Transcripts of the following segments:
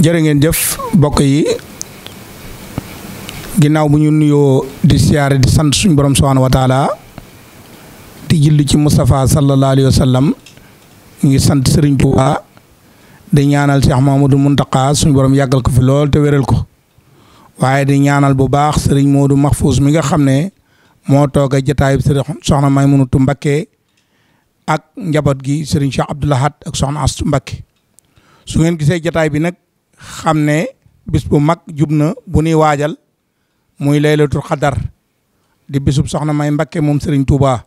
jërë ngeen jëf bokk yi ginnaaw bu ñu nuyoo di siyaare di sant suñ boroom subhaanahu wa taala di julli ci Moustapha sallallahu alayhi wa sallam ngi sant sëriñ Serigne Touba di ñaanal Cheikh Mamadou Mountakha suñ boroom yàggal ko fi lool te wéral ko waaye di ñaanal bu baax sëriñ Serigne Modou Mahfouz mi nga xam ne moo toog a jotaayub Serigne soxna Maymunatu Mbakke ak njaboot gi Serigne Cheikh Abdoul Ahad ak soxna Astu Mbakke su ngeen gisee jotaay bi nag. xam ne bis bu mag jub na bu ñuy waajal muy laylatul xadar di bisub soxna may Mbakke moom Serigne Touba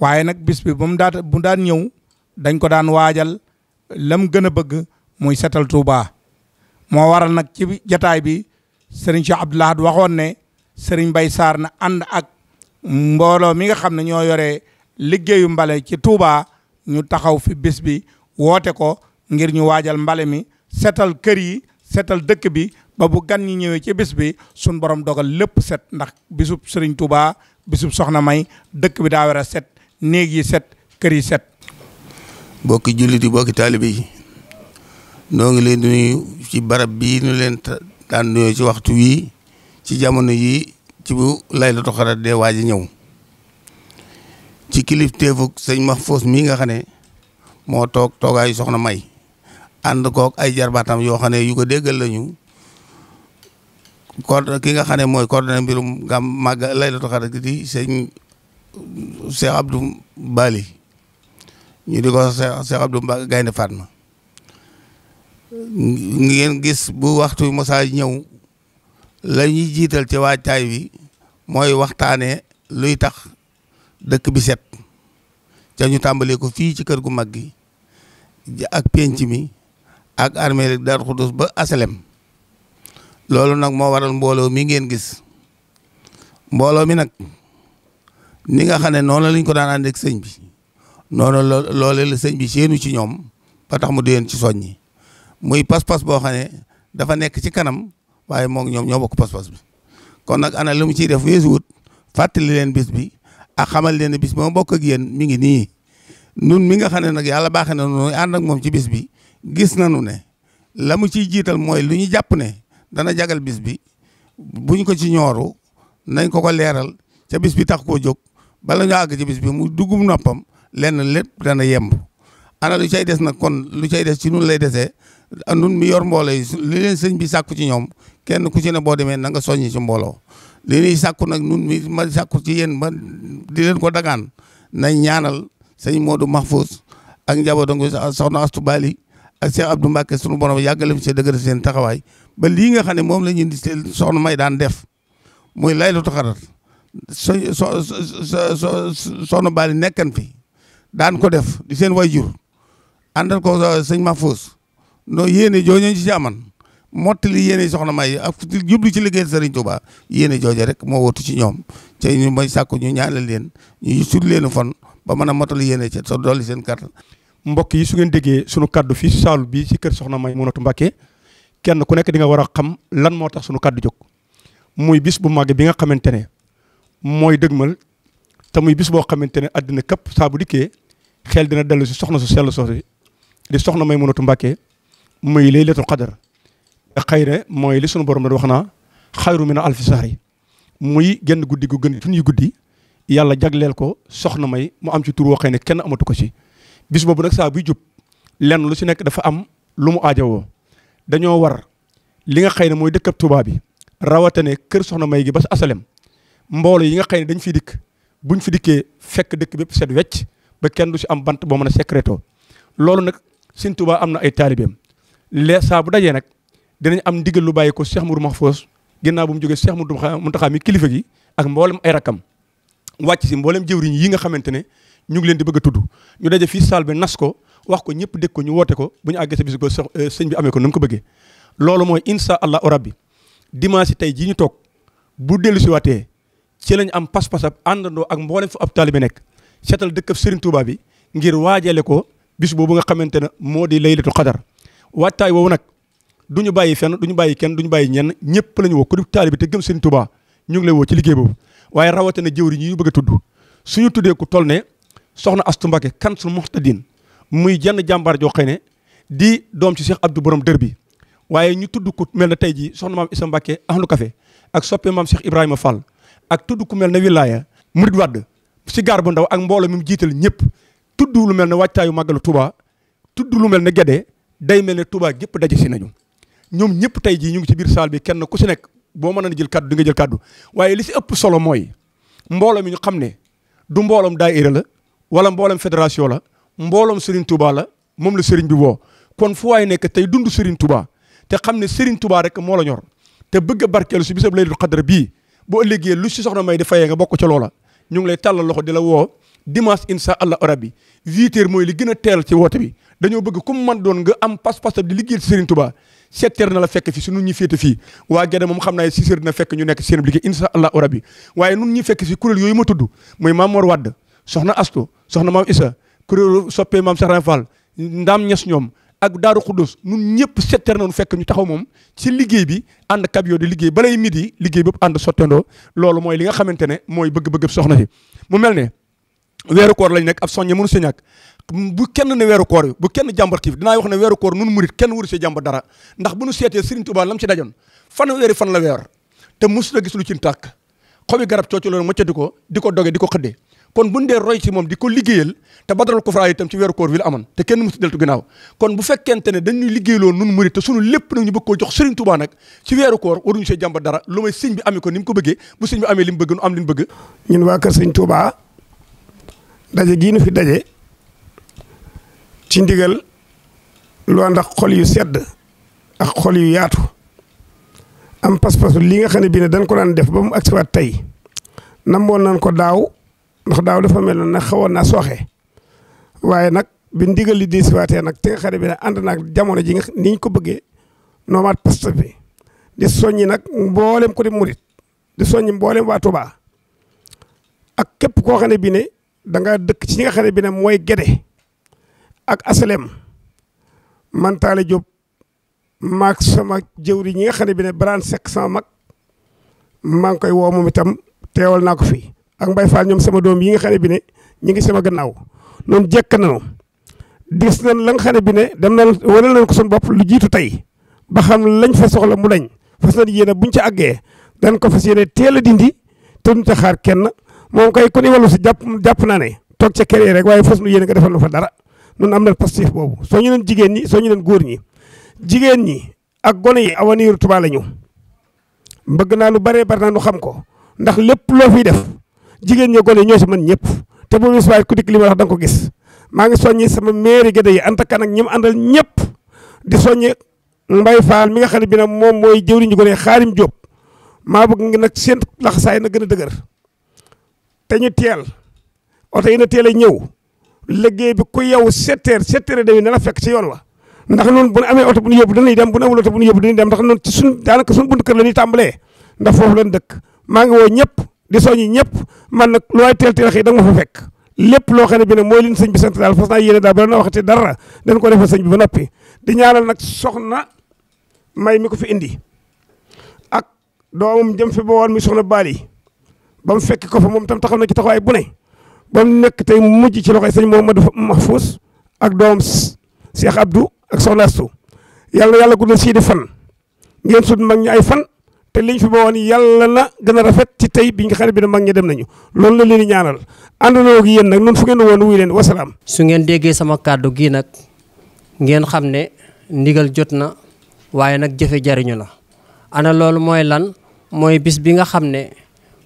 waaye nag bis bi ba mu daan ñëw dañ ko daan waajal lam gën a bëgg muy setal Touba moo waral nag ci jataay bi Serigne Cheikh Abdoul Ahad waxoon ne Serigne bay saar na ànd ak mbooloo mi nga xam ne ñoo yore liggéeyu mbale ci Touba ñu taxaw fi bis bi woote ko ngir ñu waajal mbale mi setal kër yi setal dëkk bi ba bu gan ñi ñëwee ci bis bi sun borom dogal lépp set ndax bisub sëriñ Touba bisub soxna May dëkk bi daa war a set néeg yi set kër yi set. bokki jullit yi bokki taalibe yi noo ngi leen di ci barab bii nu leen daan nuyoo ci waxtu yi ci jamono yii ci bu Laylatul Qadr dee waaj ñëw ci kilifteefug sëñ Mahfouz mii nga xam ne moo toog toogaayu soxna May. ànd kook ay jarbaatam yoo xam ne yu ko déggal lañu coordonné ki nga xam ne mooy coordonné mbirum gam màgg Laylatul Qadr gi di sëñ Cheikh Abdou Bali ñu di ko Cheikh Abdou Ba Gaynde Fatma ngeen gis bu waxtu mosa ñëw la ñuy jiital ci waajtaay wi mooy waxtaanee luy tax dëkk bi set ca ñu tàmbalee fii ci kër gu mag gi ak pénc mi ak armée Daaru Xuddus ba asalem loolu nag moo waral mbooloo mi ngeen gis mbooloo mi nag ni nga xam ne noonu lañ ko daan ànd sëñ bi noonu loolee la sëñ bi séenu ci ñoom ba tax mu déyeen ci soññi muy pas-pas boo xam ne dafa nekk ci kanam waaye moom ñoom ñoo bokk pas-pas bi kon nag ana lu mu ciy def weesu wut fàttali leen bis bi ak xamal leen bis bi ma bokk ak yéen mi ngi nii nun mi nga xam ne nag yàlla baaxee na nu ànd ak moom ci bis bi gis nañu ne la mu ciy jiital mooy lu ñu jàpp ne dana jagal bis bi buñ ko ci ñooru nañ ko ko leeral ca bis bi tax koo jóg bala ñu àgg ci bis bi mu duggum noppam lenn lépp dana yemb ana lu cay des nag kon lu cay des ci nun lay desee nun mi yor mbooloo yi leen sëñ bi sàkku ci ñoom kenn ku ci ne boo demee nanga nga soññi ci mbooloo li ñuy sàkku nag nun mi ma ci yéen ma di leen ko dagaan nañ ñaanal sëñ Modou Mahfouz ak njabootam soxna Astou Bali ak Cheikh Abdou Mbacke sunu borom yàggale fi see dëgër seen taxawaay ba lii nga xam ne moom la di seen soxna May daan def muy laylatul xadar so so so soxna Bali nekkan fi daan ko def di seen wayjur àndal ko uh, sëñ Mahfouz noo yéene jooju ci aman mottali yéene soxna May ak jublu ci liggéey Serigne Touba yéene jooju rek moo wóotu ci ñoom te ñu may sàkku ñu ñaanal leen ñu sut leen fon ba mën a mottali yéene ca so dolli seen kàttan mbokk yi su ngeen déggee sunu kaddu fi saalu bi si kër Soxna Maymunatu Mbàkke kenn ku nekk di nga war a xam lan moo tax sunu kaddu jóg muy bis bu màgg bi nga xamante ne mooy dëgmal te muy bis boo xamante ne àddina képp saa bu dikkee xel dina dellu si soxna su sell soosi di Soxna Maymunatu Mbàkke muy laylatul qadar te xëy na mooy li sunu borom doon wax naa xayru na alfi sahri muy genn guddi gu gën junniy guddi yàlla jagleel ko soxna may mu am ci tur woo xëy ne kenn amatu ko ci. bis boobu nag saa buy jub lenn lu si nekk dafa am lu mu aajowoo dañoo war li nga xëy ne mooy dëkkab Tuubaa bi rawatane kër soxna may gi ba asalem mboolo yi nga xëy ne dañ fi dikk buñ fi dikkee fekk dëkk bépp set wecc ba kenn du si am bant boo mën a secréto loolu nag Sëñ Tuubaa am na ay taalibeem lee saa bu dajee nag dinañ am ndigal lu bàyyi ko Cheikh Mourou Mahfous ginnaaw bu mu jógee Cheikh Mourou Mountakha mi kilifa gi ak mboolem ay rakkam wàcc si mboolem jëwriñ yi nga xamante ne ñu ngi leen di bëgg a ñu daje fii saal bi nas ko wax ko ñëpp dégg ko ñu woote ko bu ñu àggee sa bis ba euh, sëñ bi amee ko na mu ko bëggee loolu mooy insha allah rabbi dimanche tey jii ñu toog bu dellu si waatee ci lañ am pas-pasab àndandoo ak mboolem fu ab taalibe nekk seetal dëkkab Serigne Touba bi ngir waajalee ko bis boobu nga xamante ne moo di laylatu xadar wattaay woowu nag du ñu bàyyi fenn du ñu bàyyi kenn du ñu bàyyi ñenn ñëpp la ñu woo ko di taalibe te gëm Serigne Touba ñu ngi lay woo ci liggéey boobu waaye rawatina jëwri ñi ñu bëgg a tudd suñu tuddee ku toll ne soxna Astu Mbacke kan sul muhtadin muy jenn jàmbaar joo xëy ne di doom ci Cheikh Abdou borom dër bi waaye ñu tudd ku mel ne tey jii soxna maam Issa Mbacke ahlu ak soppe maam Cheikh Ibrahima fal ak tudd ku mel ne wilaaya murid wadd si gaar bu ndaw ak mbooloo mi mu jiital ñëpp tudd lu mel ne wàccaayu màggalu Touba tudd lu mel ne Gédé day mel ne Touba gépp daje si nañu ñoom ñëpp tey jii ñu ngi ci biir salle bi kenn ku si nekk boo mën a jël kaddu di nga jël kàddu waaye li si ëpp solo mooy mbooloo mi ñu xam ne du mbooloom daayira la wala mboolem fédération la mbooloom Serigne tubaa la moom la Serigne bi woo kon foo waay nekk tey dund Serigne Touba te xam ne Serigne Touba rek moo la ñor te bëgg a barkeelu si bisab Laylatul Qadr bii boo ëllëgee lu si soxna may di fayee nga bokk ca loola ñu ngi lay tàllal loxo di la woo dimanche incha allah rabbi huit heures mooy li gën a teel ci woote bi dañoo bëgg ku man doon nga am pas-pas di liggéeyal ci Serigne Touba sept heures na la fekk fi su nun ñi féete fii waa Gede moom xam naa six heures fekk ñu nekk seen liggéey incha allah rabbi waaye nun ñi fekk si kuréel yooyu ma tudd mooy Mamor Wade soxna Asto soxna maam Issa kuréelu soppee maam Cheikh Ibra Fall ndaam ñes ñoom ak daaru Xudus nun ñëpp na nu fekk ñu taxaw moom ci liggéey bi ànd kab yoo di liggéey balay midi liggéey bépp ànd sottandoo loolu mooy li nga xamante ne mooy bëgg-bëgg soxna si mu mel ne weeru koor lañ nekk ab soññe mënu sa ñàkk bu kenn ne weeru koor bu kenn jàmbar xiif dinaa wax ne weeru koor nun murit kenn wuri see jàmbar dara ndax bu nu seetee Serigne Touba lam fan weeri fan la weer te mos la gis lu ci tàkk xobi garab coocu loolu moccati ko di ko doge di ko xëddee kon buñ dee roy ci moom di ko liggéeyal te badral kufra itam ci weeru koor wi la amoon te kenn musu deltu ginnaaw kon bu fekkente ne dañuy liggéeyloo mu murit te sunu lépp nag ñu bëgg koo jox Serigne Touba nag ci weeru koor waruñu see jàmba dara lu may sëñ bi amee ko ni mu ko bëggee bu sëñ bi amee li mu bëgg nu am li mu bëgg ñun waa kër Serigne Touba daje gii fi daje ci ndigal lu ànd ak xol yu sedd ak xol yu yaatu am pas-pasu li nga xam ne bii ne dañ ko daan def ba mu agsiwaat tey namboon nañ ko daaw ndax daaw dafa meloon nag xawoon naa sooxe waaye nag bi ndigal li desiwaatee nag te nga bi nag ànd naag jamono ji nga ni ñu ko bëggee noomaat poste bi di soññi nag mboolem ko di murit di mboolem waa Touba ak képp koo xam ne bi ne da nga dëkk ci ñi nga xam bi ne mooy Gede ak asalem man Talla Diop maak sama jëwri ñi nga xam bi ne Birane Seck sama mag maa ngi koy woo moom itam teewal naa ko fii ak Mbaye Fall ñoom sama doom yi nga xam ne bi ne ñu ngi sama gannaaw noonu jekk nañu dis nañ la nga xam bi ne dem nañ wala nañ ko suñu bopp lu jiitu tey ba xam lañ fa soxla mu dañ fas nañ yéene buñ ca àggee dañ ko fas yéene teel a dindi te duñ ca kenn moom kay ku ni jàpp jàpp naa ne toog ca kër waaye fas nu yéene nga defal fa dara nun am na pastif boobu soo ñu leen jigéen ñi soo ñu leen góor ñi jigéen ñi ak gone yi avenir Touba la ñu bëgg naa lu bare bari naa nu xam ko ndax lépp loo fiy def jigéen ñoo gone ñoo si mën ñëpp te bu bis waaye ku dikk li ma wax ko gis maa ngi soññi sama mairie ga yi Anta Kan ak ñi mu ñëpp di soññi Mbaye Fall mi nga xam ne bi nag moom mooy jëwriñu gone Xaarim Jóob maa bëgg ngi nag seen laxasaay na gën a dëgër te ñu teel oto yi na teel a ñëw liggéey bi ku yow sept heures sept na fekk ci yoon wa ndax noonu bu amee oto bu ñu yóbbu dañuy dem bu ñu bu ñu yóbbu dañuy dem ndax noonu ci suñ daanaka suñ kër la ñuy tàmbalee ndax foofu lañ dëkk maa ngi woo ñëpp di soññi ñëpp man nag lu waay teel teel xëy da ma fa fekk lépp loo xam ne bi ne mooy leen sëñ bi sant daal fas naa yéene daal bala na waxati dara dañ ko defal sëñ bi ba noppi di ñaanal nag soxna may mi ko fa indi ak doomam jëm fi ba woon mi soxna baali ba mu fekk ko fa moom tam taxaw na ci taxawaay ay ne ba nekk tey mujj ci loxoy sëñ Mouhamadou Mahfous ak doomam Cheikh Abdou ak soxna Astou yàlla yàlla guddal sii di fan ngeen sut mag ay fan te liñ fi bawoon yàlla na gën a rafet ci tey bi nga xam bi na mag ñi dem nañu loolu la leen ñaanal àndandoo ak yéen nag noonu fu ngeen woon wuy leen wasalaam su ngeen déggee sama kàddu gi nag ngeen xam ne ndigal jot na waaye nag jëfe jariñu la ana loolu mooy lan mooy bis bi nga xam ne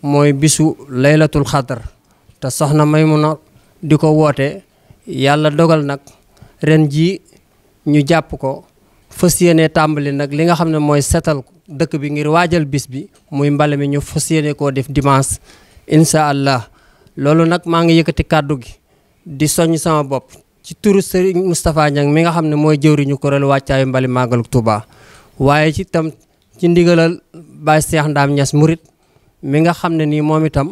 mooy bisu laylatul xadar te soxna Maymuna di ko woote yàlla dogal nag ren ji ñu jàpp ko fas yéene tàmbali nag li nga xam ne mooy setal dëkk bi ngir waajal bis bi muy mbale mi ñu fas yéene koo def dimance incha allah loolu nag maa ngi yëkkati kàddu gi di soññ sama bopp ci turu Serigne Moustapha mi nga xam ne mooy jëwriñu kuréel wàccaayu mbali màggalu Touba waaye ci tam ci ndigalal Baye Cheikh Ndam Murit mi nga xam ne nii moom itam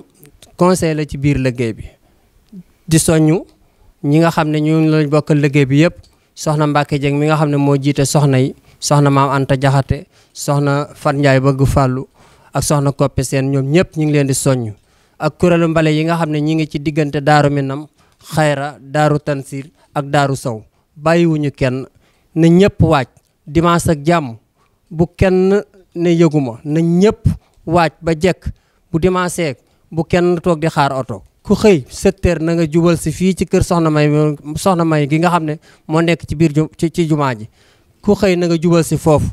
conseil la ci biir liggéey bi di soññu ñi nga xam ne ñu la bokkal liggéey bi yëpp soxna Mbacke Dieng mi nga xam ne moo jiite soxna yi soxna maam Anta Jaxate soxna fan Ndiaye bëgg fàllu ak soxna Koppe Seen ñoom ñëpp ñu ngi leen di soññ ak kuréelu mbale yi nga xam ne ñi ngi ci diggante daaru nam xayra daaru Tansir ak daaru Sow bàyyiwuñu kenn na ñëpp waaj dimanche ak jàmm bu kenn ne yëguma na ñëpp waaj ba jekk bu dimanche bu kenn toog di xaar oto ku xëy sept heures na nga jubal si fii ci kër soxna may soxna may gi nga xam ne moo nekk ci biir ci ci jumaa ji ku xëy na nga jubal si foofu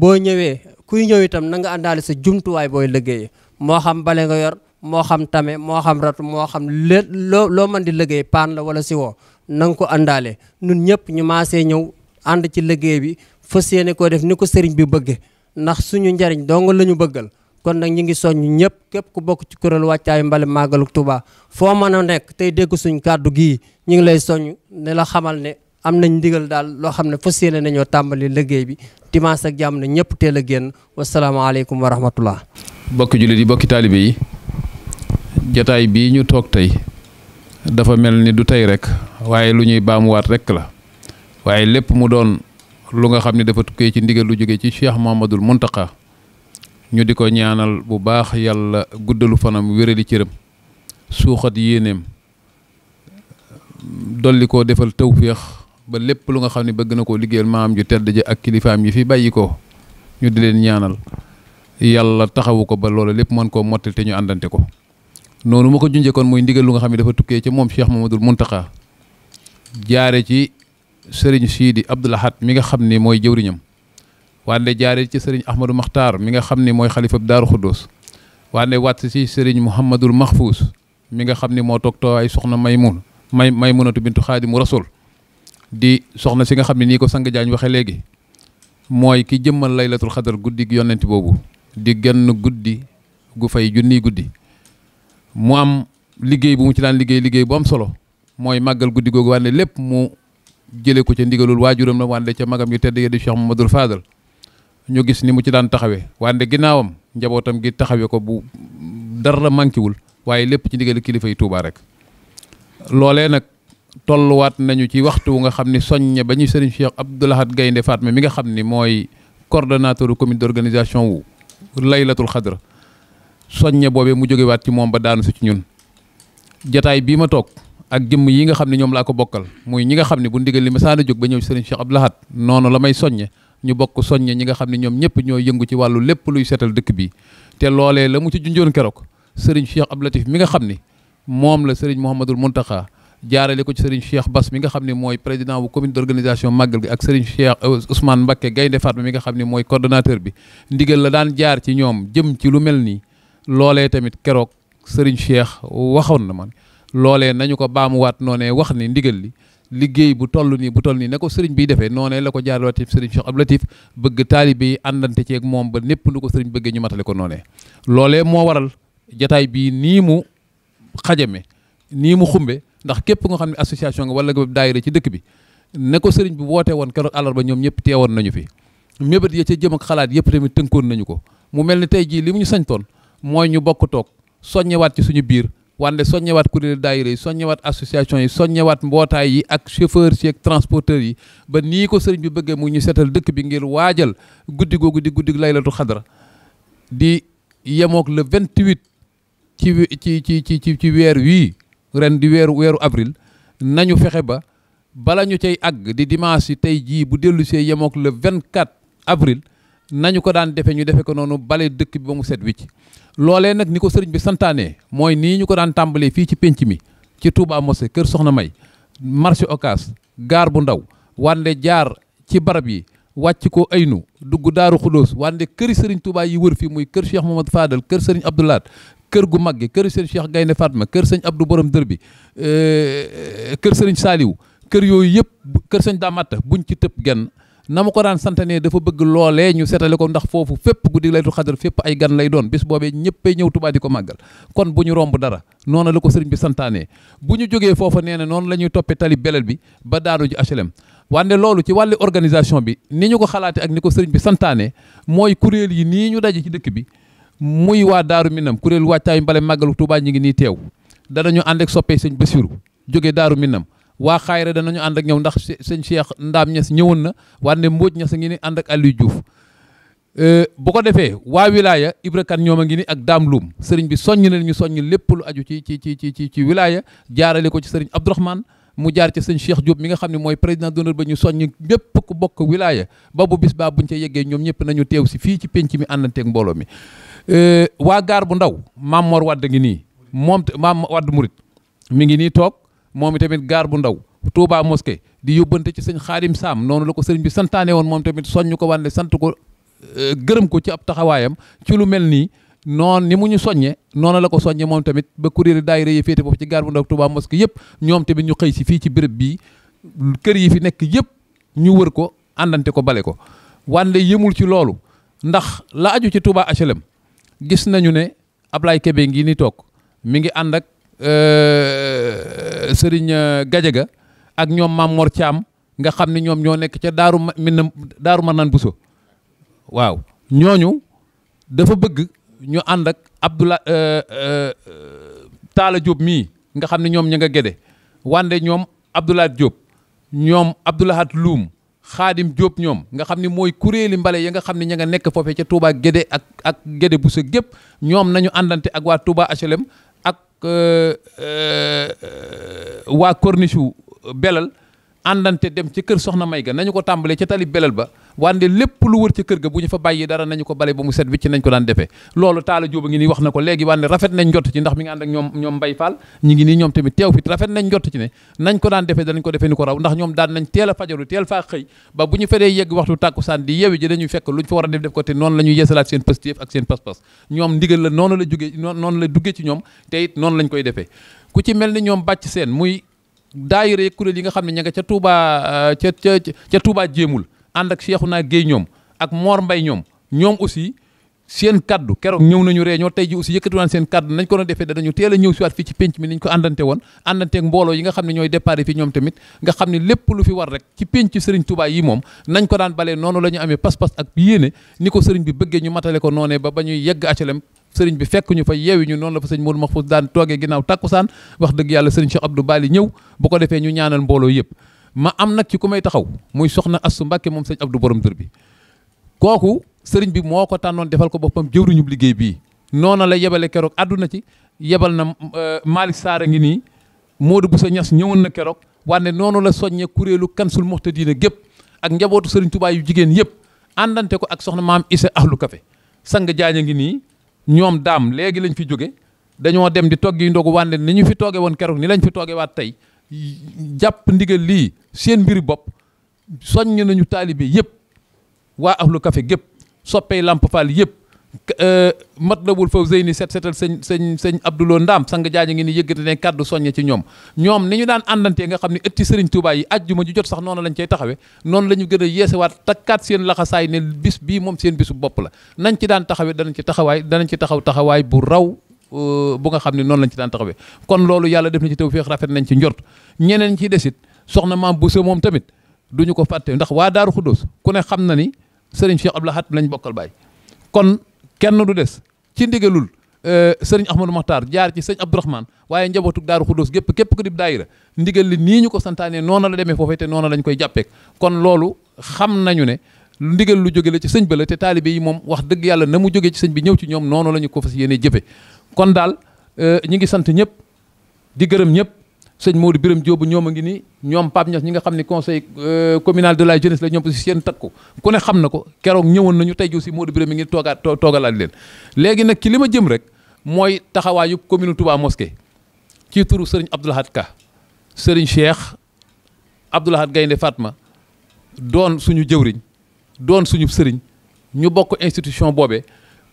boo ñëwee kuy ñëw itam na nga àndaale sa jumtuwaay booy liggéeyee moo xam bale nga yor moo xam tame moo xam ratu moo xam lé loo loo mën di liggéey paan la wala si woo na nga ko àndaale nun ñëpp ñu maasee ñëw ànd ci liggéey bi fas yéene koo def ni ko sëriñ bi bëgge ndax suñu njariñ dong la ñu bëggal kon nag ñi ngi soññ ñëpp képp ku bokk ci kuréel wàccaayu mbale màggalu Touba foo mën a nekk tey dégg suñ kàddu gi ñu ngi lay soññ ne la xamal ne am nañ ndigal daal loo xam ne fas yéene nañoo tàmbali liggéey bi dimanche ak jàmm na ñëpp teel a génn wasalaamaaleykum wa rahmatullah bokki jullit yi bokki taalibe yi jataay bii ñu toog tey dafa mel ni du tey rek waaye lu ñuy baamuwaat rek la waaye lépp mu doon lu nga xam ne dafa tukkee ci ndigal lu jógee ci Cheikh Mouhamadoul Mountakha ñu di ko ñaanal bu baax yàlla guddalu fanam wérali cëram suuxat yéeneem dolli koo defal tawféex ba lépp lu nga xam ne bëgg na koo liggéeyal maam ju tedd ji ak kilifaam yi fi bàyyi ko ñu di leen ñaanal yàlla taxawu ko ba loolu lépp mën koo mottal te ñu àndante ko noonu ma ko junjee kon muy ndigal lu nga xam ne dafa tukkee ci moom ma Cheikh Mamadul Muntaxa jaare ci sëriñ siidi Abdoul Ahad mi nga xam ni mooy jëwriñam wande jaare ci sëriñ ahmadou maxtaar mi nga xam ni mooy xalifab daaru xuddus wande wàtt si sëriñ mouhamadul mahfous mi nga xam ni moo toog toowaay soxna maymun may maymunatu bintu xaadimu rasul di soxna si nga xam ne nii ko sang jaañ waxe léegi mooy ki jëmmal laylatul xadar guddi yonent boobu di genn guddi gu fay junniy guddi mu am liggéey bu mu ci daan liggéey liggéey bu am solo mooy màggal guddi googu wànde lépp mu jële ko ca ndigalul waajuram la wànde ca magam yu tedd ya di Cheikh Mamadou Fadal ñu gis ni mu ci daan taxawee wande ginnaawam njabootam gi taxawee ko bu dara manqué wul waaye lépp ci ndigal kilifa yi tuubaa rek loolee nag tolluwaat nañu ci waxtu wu nga xam ni soññe ba ñu sëriñ Cheikh Abdoul Ahad Gaynde Fatma mi nga xam ni mooy coordonnateur du comité d'organisation wu laylatul xadr soññe boobee mu jógewaat ci moom ba daanu si ci ñun jataay bii ma ak jëmm yi nga xam ne ñoom laa ko bokkal muy ñi nga xam ne bu ndigal li ma saana jóg ba ñëw sëriñ Cheikh noonu la may soññe ñu bokk soññe ñi nga xam ne ñoom ñëpp ñoo yëngu ci wàllu lépp luy seetal dëkk bi te loolee la mu ci junjoon keroog sëriñ Cheikh Abdou Latif mi nga xam ni moom la sëriñ Mouhamadul Mountakha jaarale ko ci sëriñ Cheikh Bass mi nga xam ne mooy président bu comité d'organisation màggal gi ak sëriñ Cheikh euh, Ousmane Mbacké Gaynde Fatma mi nga xam ne mooy coordonnateur bi ndigal la daan jaar ci ñoom jëm ci lu mel nii loolee tamit keroog sëriñ Cheikh waxoon na man loolee nañu ko baamuwaat noo ne wax ni ndigal li liggéey bu toll nii bu toll nii ne ko sëriñ bi defee noonee la ko jaar latif sëriñ Cheikh Abdou Latif bëgg taalibe yi àndante ceeg moom ba népp lu ko sëriñ bëggee ñu matale ko noonee loolee moo waral jataay bii nii mu xajame nii mu xumbe ndax képp nga xam ne association nga wala nga daayira ci dëkk bi ne ko sëriñ bi woote woon keroog àllarba ñoom ñëpp teewoon nañu fi mébét ya ca jëm ak xalaat yëpp tamit tënkoon nañu ko mu mel ni tey jii li mu ñu sañtoon mooy ñu bokk toog soññewaat ci suñu biir wante soññewaat kuréel daayira yi soññewaat association yi soññewaat mbootaay yi ak chauffeurs yi ak transporteurs yi ba nii ko sëriñ bi bëggee mu ñu seetal dëkk bi ngir waajal guddi googu di guddi laylatu xadra di yemook le 28 ci ci ci ci ci ci weer wii ren di weeru weeru avril nañu fexe ba bala ñu cay àgg di dimanche yi tey jii bu dellu see yemook le 24 avril nañu ko daan defe ñu defe ko noonu balee dëkk bi ba mu set wicc loolee nag ni ko sëriñ bi santaane mooy nii ñu ko daan tàmbalee fii ci pénc mi ci Touba Mosquée Kër Soxna May marché Ocass gaar bu ndaw wande jaar ci barab yi wàcc ko aynu dugg daaru xudóos wande kër sëriñ Touba yi wër fii muy kër Cheikh Mamadou faadal kër sëriñ Abdoulaat kër gu mag gi kër sëriñ Cheikh Gaynde Fatma kër sëriñ Abdou Borom Dër bi euh, kër sëriñ Saaliw kër yooyu yëpp kër sëñ Daamata buñ ci tëb genn na ma ko daan santanee dafa bëgg loolee ñu seetale ko ndax foofu fépp guddi laytu xadar fépp ay gan lay doon bis boobee ñëppay ñëw Tuubaa di ko màggal kon bu ñu romb dara noonu la ko sëriñ bi santaanee bu ñu jógee foofa nee na noonu la ñuy toppee tali belel bi ba daanu ji HLM wante loolu ci wàllu organisation bi ni ñu ko xalaatee ak ni ko sëriñ bi santaanee mooy kuréel yi nii ñu daje ci dëkk bi muy waa daaru minam kuréel wàccaayu mbale màggalu Tuubaa ñi ngi nii teew danañu ànd ak soppee sëñ Basiru jógee daaru minam waa xaayira ñu ànd ak ñëw ndax sëñ Cheikh Ndaam Ñas ñëwoon na wante Mbóoj Ñas a ngi ni ànd ak Aliou Diouf euh, bu ko defee waa wilaya Ibra Kane ñoom a ngi ni ak Daam Loum sëriñ bi soññ na ñu soññ lépp lu aju ci ci ci ci ci wilaya jaarale ko ci sëriñ Abdourahmane mu jaar ci sëñ Cheikh Diop mi nga xam ne mooy président d'honneur ba ñu soññ ñëpp ku bokk wilaya ba bu bis baa buñ ca yeggee ñoom ñëpp nañu teew si fii ci penc mi àndanteeg mbooloo mi euh, waa gaar bu ndaw Mamor Wadd ngi nii mi ngi nii toog moom i tamit gaar bu ndaw Touba moske di yóbbante ci sëñ Xaadim Saam noonu la ko sëriñ bi santaanee woon moom tamit soññ ko wanle sant ko euh, gërëm ko ci ab taxawaayam ci lu mel nii noon ni mu ñu soññe noonu la ko soññe moom tamit ba kuréeli daayira yi féete foofu ci gaar bu ndaw Touba mosquée yëpp ñoom tamit ñu xëy si fii ci béréb bii kër yi fi nekk yëpp ñu wër ko àndante ko bale ko wande yëmul ci loolu ndax la aju ci Touba HLM gis nañu ne Ablaye Kébé ni toog mi ngi ànd Euh, Serigne Gadiaga ak ñoom Mame Mor Thiam nga xam ne ñoom ñoo nekk ca Daaru Minam Daaru Manaan Bousso waaw ñooñu dafa bëgg ñu ànd ak Abdoulaye euh, euh, Talla Diop mii nga xam ne ñoom ña nga gede wande ñoom Abdoulaye Diop ñoom Abdoulahat Loum Xaadim Diop ñoom nga xam ni mooy kuréeli mbale ya nga xam ne ña nga nekk foofe ca Touba Gédé ak ak Gédé Bousso gépp ñoom nañu àndante ak waa Touba HLM ak euh, euh, euh, waa corniche belal àndante dem ci kër soxna may ga nañu ko tàmbalee ca tali belal ba wande lépp lu wër ci kër ga bu ñu fa bàyyi dara nañu ko bale ba mu set wicc nañ ko daan defee loolu taala jóoba ngi nii wax na ko léegi wande rafet nañ njott ci ndax mi ngi ànd ak ñoom ñoom mbay faal ñi ñoom tamit teew rafet nañ njott ne nañ ko daan defee danañ ko defee ni ko raw ndax ñoom daan nañ teel a fajaru teel faa xëy ba bu ñu fedee yegg waxtu tàkkusaan di yewi ji dañuy fekk luñ fa war a def def ko te noonu la ñuy yeesalaat seen pastéef ak seen pas ñoom ndigal la noonu la jógee noonu la duggee ci ñoom te it lañ koy defee ku ci mel ni ñoom bàcc seen muy daayira yeeg kuréel yi nga xam ne ña nga ca Touba euh, ca ca ca Touba jéemul ànd ak Cheikhouna Guèye ñoom ak Mor Mbaye ñoom ñoom aussi seen kaddu keroog ñëw nañu réunion tey ji aussi yëkkatiwaan seen kaddu nañ ko doon defee danañu teel a ñëw si waat fii ci pénc mi niñ ko àndante woon àndanteeg mbooloo yi nga xam ne ñooy départ fi ñoom tamit nga xam ne lépp lu fi war rek ci pénc sëriñ Touba yi moom nañ ko daan bale noonu la ñu amee pas-pas ak yéene ni ko sëriñ bi bëggee ñu matale ko noonee ba ba ñuy yegg HLM sëriñ bi fekk ñu fa yeewi ñu noonu la fa sëñ Modou Mahfouz daan toogee ginnaaw tàkkusaan wax dëgg yàlla sëriñ Cheikh Abdou Bali ñëw bu ko defee ñu ñaanal mbooloo yëpp ma am nag ci ku may taxaw muy soxna Astou Mbacké moom sëñ Abdou borom dër bi kooku sëriñ bi moo ko tànnoon defal ko boppam jëwriñu liggéey bii noona la yebale keroog àdduna ci yebal na euh, Malick Sarr a ngi nii Modou Boussa Niass ñëwoon na keroog wanne noonu la soññee kuréelu Kansul Muhtadina gépp ak njabootu sëriñ Touba yu jigéen yëpp àndante ko ak soxna maam Issa kafe sang ngi nii ñoom daam léegi lañ fi jóge dañoo dem di togg yi ndogu wànde ni ñu fi tooge woon keroog ni lañ fi tooge waat tey jàpp ndigal lii seen mbiri bopp soññ nañu taalibe yëpp waa ahlu kafe gépp soppey Lamp Fall yëpp Euh, Matlabul Fawzayni set setal sëñ sëñ sëñ Abdoulou Ndaam sang jaaja ngi ni yëkkati ne kàddu soññe ci ñoom ñoom ni ñu daan àndantee nga xam ne ëtti sëriñ Touba yi ajjuma ju jot sax noonu lañ cay taxawee noonu la ñu gën a yeesewaat takkaat seen laxasaay ne bis bii moom seen bisu bopp la nañ ci daan taxawee danañ ci taxawaay danañ ci taxaw taxawaay bu raw euh, bu nga xam ne noonu lañ ci daan taxawee kon loolu yàlla def na ci tawfeex rafet nañ ci njort ñeneen ciy desit soxna maam Bousso moom tamit duñu ko fàtte ndax waa Daaru Xuddoos ku ne xam na ni sëriñ Cheikh la Lahad lañ bokkal baay kenn du des ci ndigalul euh, sëriñ Ahmadou Makhtar jaar ci sëñ Abdourahmane waaye njabootu daaru Xuddoos gépp képp ko dib daayira ndigal li nii ñu ko santaane noona la demee foofee te noona lañ koy jàppeek kon loolu xam nañu ne ndigal lu jóge la ci sëñ ba la te taalibe yi moom wax dëgg yàlla na mu jóge ci sëñ bi ñëw ci ñoom noonu la ñu ko fas yéene jëfe kon daal euh, ñu ngi sant ñëpp di gërëm ñëpp sëñ Modou Birame Diop ñoom a ngi nii ñoom Pape Niass ñi nga xam ne conseil euh, communal de la jeunesse la ñoom aussi seen takku ku ne xam na ko keroog ñëwoon nañu tey jii si Modou Birame mi ngi toogaat toogalaat léegi nag ci li ma jëm rek mooy taxawaayu commune Touba Mosquée ci turu Serigne Abdou Lahad Ka Serigne Cheikh Abdou Lahad Gaynde Fatma suñu jëwriñ doon suñu sëriñ ñu bokk institution boobee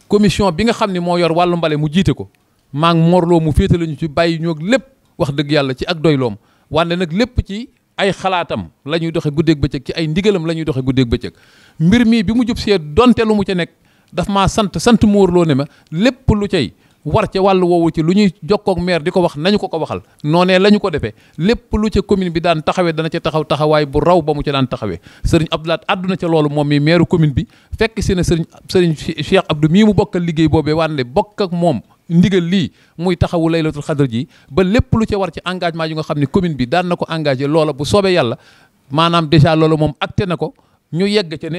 commission bi nga xam ne moo yor wàllu mbale mu jiite ko maa ngi morloo mu féetale ñu ci bàyyi ñoog lépp. wax dëgg yàlla ci ak doyloom wante nag lépp ci ay xalaatam la ñuy doxe guddeeg bëccëg ci ay ndigalam la ñuy doxe guddeeg bëccëg mbir mii bi mu jub see donte lu mu ca nekk daf maa sant sant muur ne ma lépp lu cay war ca wàllu woowu ci lu ñuy jokkoog maire di ko wax nañu ko ko waxal noonee la ñu ko defee lépp lu ca commune bi daan taxawee dana ca taxaw taxawaay bu raw ba mu ca daan taxawee sëriñ Abdou Lahat àdduna ca loolu moom mi maire commune bi fekk si na sëriñ sëriñ Cheikh Abdou mii mu bokkal liggéey boobee wànne bokk ak moom ndigal lii muy taxawu laylatul xadar ji ba lépp lu ca war ci engagement yi nga xam ne commune bi daan na ko engagé loola bu soobee yàlla maanaam déjà loolu moom acté na ko ñu yegg ca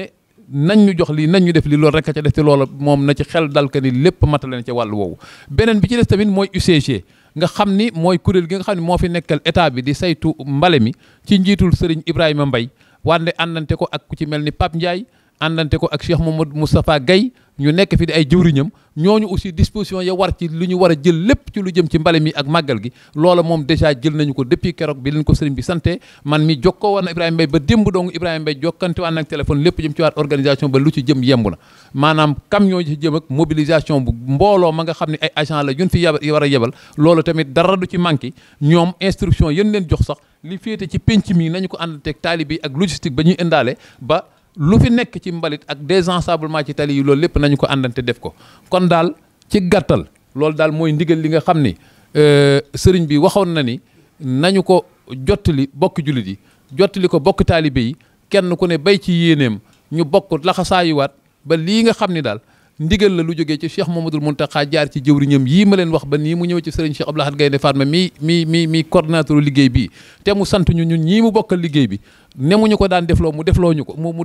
nañ ñu jox lii nañ ñu def lii loolu rek a ca def te lool moom na ci xel dal ka ni lépp matale na ca wàllu woowu beneen bi ci des tamit mooy UCG nga xam ni mooy kuréel gi nga xam ne moo fi nekkal état bi di saytu mbale mi ci njiitul Serigne Ibrahima mbay wande àndante ko ak ku ci mel ni Pape Ndiaye àndante ko ak Cheikh Mamadou Moustapha Gaye ñu nekk fi di ay jëwriñam ñooñu aussi disposition ya war ci lu ñu war jël lépp ci lu jëm ci mbale mi ak màggal gi loola moom déjà jël nañu ko depuis keroog bi leen ko sëriñ bi santé man mi jokkoo woon na Ibrahima Mbaye ba démb dong Ibrahima Mbaye jokkante waan téléphone lépp jëm ci ba lu ci jëm yemb na maanaam camion yi ci jëm ak mobilisation bu mbooloo ma nga xam ne ay agent la yun fi yabal war a yebal loolu tamit dara du ci manqué ñoom instruction yéen leen jox sax li féete ci penc mii nañu ko àndanteeg taalibe yi ak logistique ba ñuy indaale ba lu fi nekk ci mbalit ak désensablement ci tali yi loolu lépp nañu ko àndante def ko kon daal ci gàttal loolu daal mooy ndigal li nga xam ni euh, sëriñ bi waxoon na ni nañu ko jottali bokk jullit yi jottali ko bokk taalibe yi kenn ku ne bay ci yéeneem ñu bokk laxasaayuwaat ba lii nga xam ni daal ndigal la lu jóge ci Cheikh mun Mountakha jaar ci jëwriñam yii ma leen wax ba nii mu ñëw ci sëriñ Cheikh Abdou Lahad Gaynde Fatma mi mi mi mi coordonnateur liggéey bi te mu sant ñu ñun ñii mu bokkal liggéey bi ne ñu ko daan defloo mu defloo ñu ko mu mu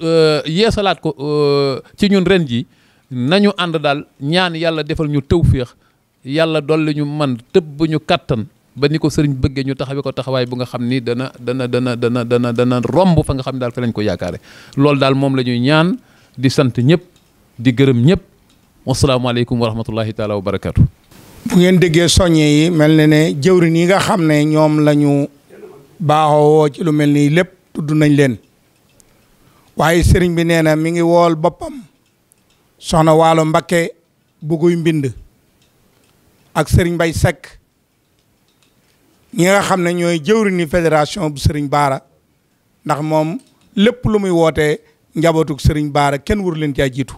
euh, yeesalaat ko euh, ci ñun ren ji nañu ànd daal ñaan yàlla defal ñu tëw tawféex yàlla dolli ñu man tëbb ñu kàttan ba ni ko sëriñ bëggee ñu taxawee ko taxawaay bu nga xam ni dana dana dana dana dana dana romb fa nga xam daal fa lañ ko yaakaare loolu daal moom la ñuy ñaan di sant ñëpp di gërëm ñëpp wasalaamaaleykum wa rahmatullahi taala wa barakaatu. bu ngeen déggee soññe yi mel na ne jëwri nii nga xam ne ñoom la ñu baaxoo ci lu mel nii lépp tudd nañ leen waaye sëriñ bi nee na mi ngi wool boppam soxna waalo mbakke bugguy mbind ak sëriñ bay sekk ñi nga xam ne ñooy jëwri jëwrini fédération bu sëriñ baara ndax moom lépp lu muy wootee njabootug sëriñ baara kenn wur leen caa jiitu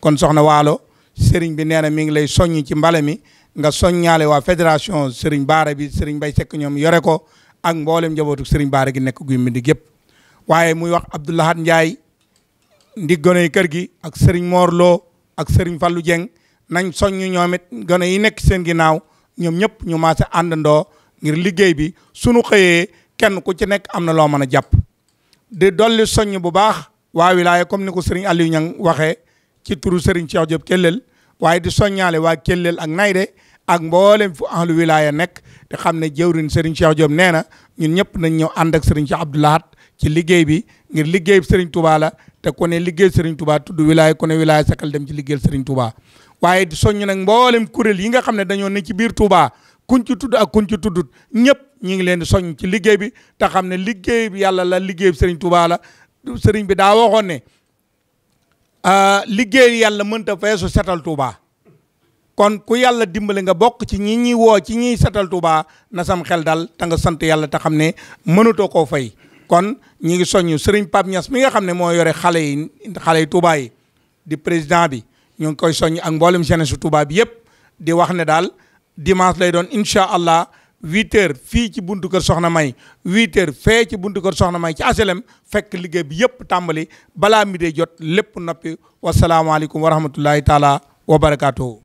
kon soxna waalo sëriñ bi nee na mi ngi lay soññ ci mbale mi nga soññaale waa fédération sëriñ baara bi sëriñ bay Sekk ñoom yore ko ak mboolem njabootu sëriñ baara gi nekk guy mbind gépp waaye muy wax Abdoulahat Ndiaye ndi gone kër gi ak sëriñ Mor Lo ak sëriñ Fallou Dieng nañ soññ ñoom it gone yi nekk seen ginnaaw ñoom ñëpp ñu maase àndandoo ngir liggéey bi sunu xëyee kenn ku ci nekk am na loo mën a jàpp di dolli soññ bu baax waa wilaaya comme ni ko sëriñ Aliou Niang waxee ci turu Serigne Cheikh Diop Kellel waaye di soññaale waa Kellel ak Nayde ak mboolem fu ahlu wilaya nekk te xam ne jëwriñ Serigne Cheikh Diop nee na ñun ñëpp nañ ñëw ànd ak Serigne Cheikh Abdou Lahad ci liggéey bi ngir liggéey Serigne Touba la te ku ne liggéey Serigne Touba tudd wilaya ku ne wilaya sakal dem ci liggéeyal Serigne Touba. waaye di soññ nag mboolem kuréel yi nga xam ne dañoo ne ci biir Touba kuñ ci tudd ak kuñ ci tuddut ñëpp ñu ngi leen di soññ ci liggéey bi te xam ne liggéey bi yàlla la liggéey Serigne Touba la Serigne bi daa waxoon Euh, liggéey yàlla mënta feesu setal Touba kon ku yàlla dimbali nga bokk ci ñi ñi woo ci ñiy setal Touba na sam xel dal te nga sant yàlla te xam ne mënutoo koo fay kon ñi ngi soññu Serigne Pape Niass mi nga xam ne moo yore xale yi xale yi Touba yi di président bi ñu ngi koy soñ ak mboolem jeunesse su Touba bi yëpp di wax daal dimanche lay doon incha allah huit heures fii ci buntu kër Soxna May huit heures fee ci buntu kër Soxna May ci HLM fekk liggéey bi yëpp tàmbali balaa mi dee jot lépp noppi wasalaamaaleykum wa rahmatullahi taala wa barakaatuhu